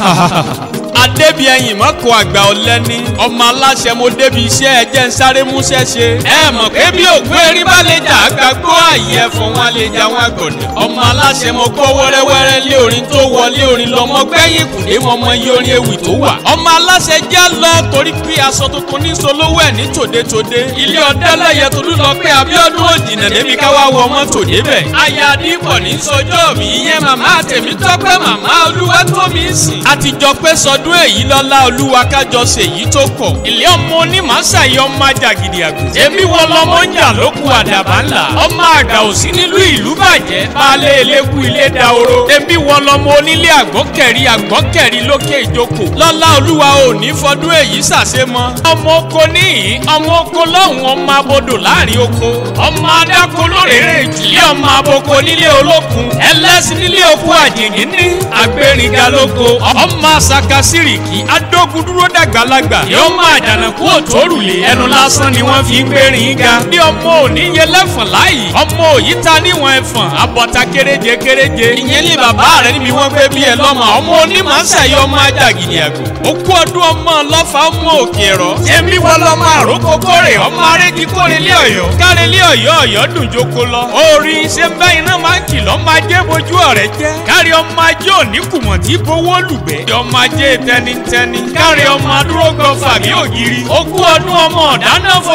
adébí ẹyìn mọ́kò àgbà ọ̀lẹ́ni ọmọ aláṣẹ mo débi iṣẹ́ ẹjẹ́ ń sáré múṣẹ́ ṣe. ẹ mọ̀ pé bí òkú erin bá lè jà àgbà gbó àyẹ̀fọ̀ wọn lè jà wọn gbọ̀dẹ̀ ọmọ aláṣẹ mo kó wẹ́rẹ́wẹ́rẹ́ lé orin tó wọ lé orin lọ́mọ gbẹ́yìn kùnlé mọ iye orin ewì tó wà. ọmọ aláṣẹ já lọ torí pé aṣọ tuntun ní solówó ẹ̀ ní tòde-tòde. ilé ọ̀dẹ́lẹ̀yẹ tolú lọ pé Abíọ́dún òjìnà débi káwá wọ ọmọ tòde bẹ̀. aya adìbọ̀ ní sọjọ́ mi ìyẹn màmá tèmi tọ́pẹ́ màmá olúwa tó mi sìn. àtijọ́ pé sọdún èyí lọ́lá olúwa kájọ ṣèyí tó kọ̀. ilé ọmọ onímọ̀ọ́sàyẹ ọmọ ajagidi àgùntàn. èmi wọ lọmọ ń jà lókun àdàbà ńlá. ọmọ àgbà òsín nílùú ìlú délé àgbọ́kẹ̀rí àgbọ́kẹ̀rí lókè ìjókòó lọ́lá olúwa ò ní fọdún èyí ṣàṣemọ́. ọmọ oko níyìn ọmọ oko lọ́hùn ọmọ abodò láàrin oko ọmọ adáko lórèrè ìjìlẹ̀ ọmọ aboko nílé olókun ẹlẹ́sìn nílé oko àjèjì ní àgbẹ̀rìngà lóko ọmọ asaka sírìkì adógun dúró dàgbàlagbà yóò máa dànà kú òtórùlé ẹnu lásán ni wọ́n fi ń gbẹ̀rìn ga bí ọmọ òní yẹ lẹ́fọ̀n láàyè ọmọ pé bí ẹ lọ́mọ ọmọ onímọ̀ ṣàyọ̀ ọmọ ajagìnì okú ọdún ọmọ ọlọ́fà ọmọ òkè ẹ̀rọ. èmi wọ lọmọ àrókò kórè ọmọ arégi kórè ilé ọ̀yọ́. kárí ilé ọ̀yọ́ ọ̀yọ́ dùn jókòó lọ. orin ṣe bá iná máa ń kìlọ̀ máa jẹ́ bojú ọ̀rẹ́ jẹ́. kárí ọmọ ajé òní kùmọ̀ tí lùgbẹ́. ọmọ ajé tẹnitẹni. ọmọ adúró ògiri. ọdún ọmọ ọ̀dáná ọmọ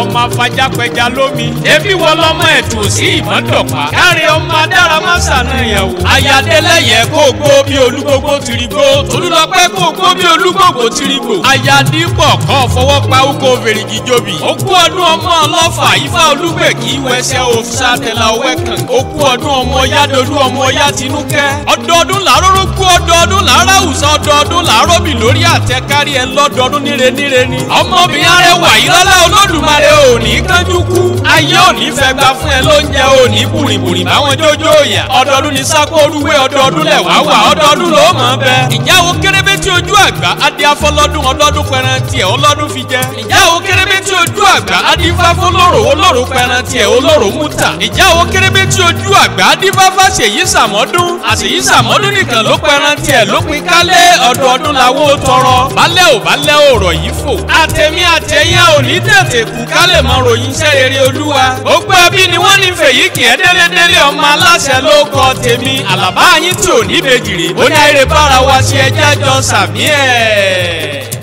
ọmọ afajápẹja lómi. ebi wọ lọmọ ẹtù sí ìmọ̀dọ̀pá. káre ọmọ adára má ṣàníyàn o. ayadélẹyẹ kó gbó bí olúgbógbó tirigbó. olùlọpẹ kó gbó bí olúgbógbó tirigbó. ayadípọ̀ kọ́ fọwọ́ pa ugo fèrèjì jobi. okú ọdún ọmọ ọlọ́fà ifá olúgbèkì wẹsẹ̀ òfìsà tẹ̀lá ọwẹ́ kan. okú ọdún ọmọ yádolú ọmọ yátinúkẹ́. ọdọọdún làárọ̀ kú ọdọọdún làárọ̀ àwùsọ ọdọọdún làárọ̀ bì lórí àtẹkárí ẹ lọ́dọọdún níre níre ni. ọmọbìnrin arẹwà yìí lọ́lá olódùmarè rere ò ní kánjú kú ayé ò ní fẹ́ gba fún ẹ lóúnjẹ ò ní bùrìbùrì báwọn jójó yà ọdọọdún ní sáko olúwe ọdọọdún lẹ̀ wá wà ọdọọdún ló mọ̀ bẹ́. ìyàwó kérébé tí ojú àgbà adé afọlọ́dún ọdọọdún pẹrẹ tiẹ̀ ọlọ́dún fi jẹ. ìyàwó kérébé ojú àgbà adífáfó olóró olóró pẹran tiẹ̀ olóró múta. ìjà wo kérébé tí ojú àgbà adífáfá ṣèyí sàmọ́dún àṣèyí sàmọ́dún nìkan ló pẹran tiẹ̀ lópin kálẹ̀ ọdọọdún làwọ̀ tọrọ. balẹ̀ ò balẹ̀ ọ̀rọ̀ yìí fò. àtẹ̀mí àtẹ̀yẹ ò ní tètè kú kálẹ̀ mọ ròyìn iṣẹ́ rere olúwa. gbogbo ẹbí ni wọ́n ní fèyí kì í délédélé ọmọ aláṣẹ ló kọ tèmi àlàbá yín tí ò ní bèjìrì. ó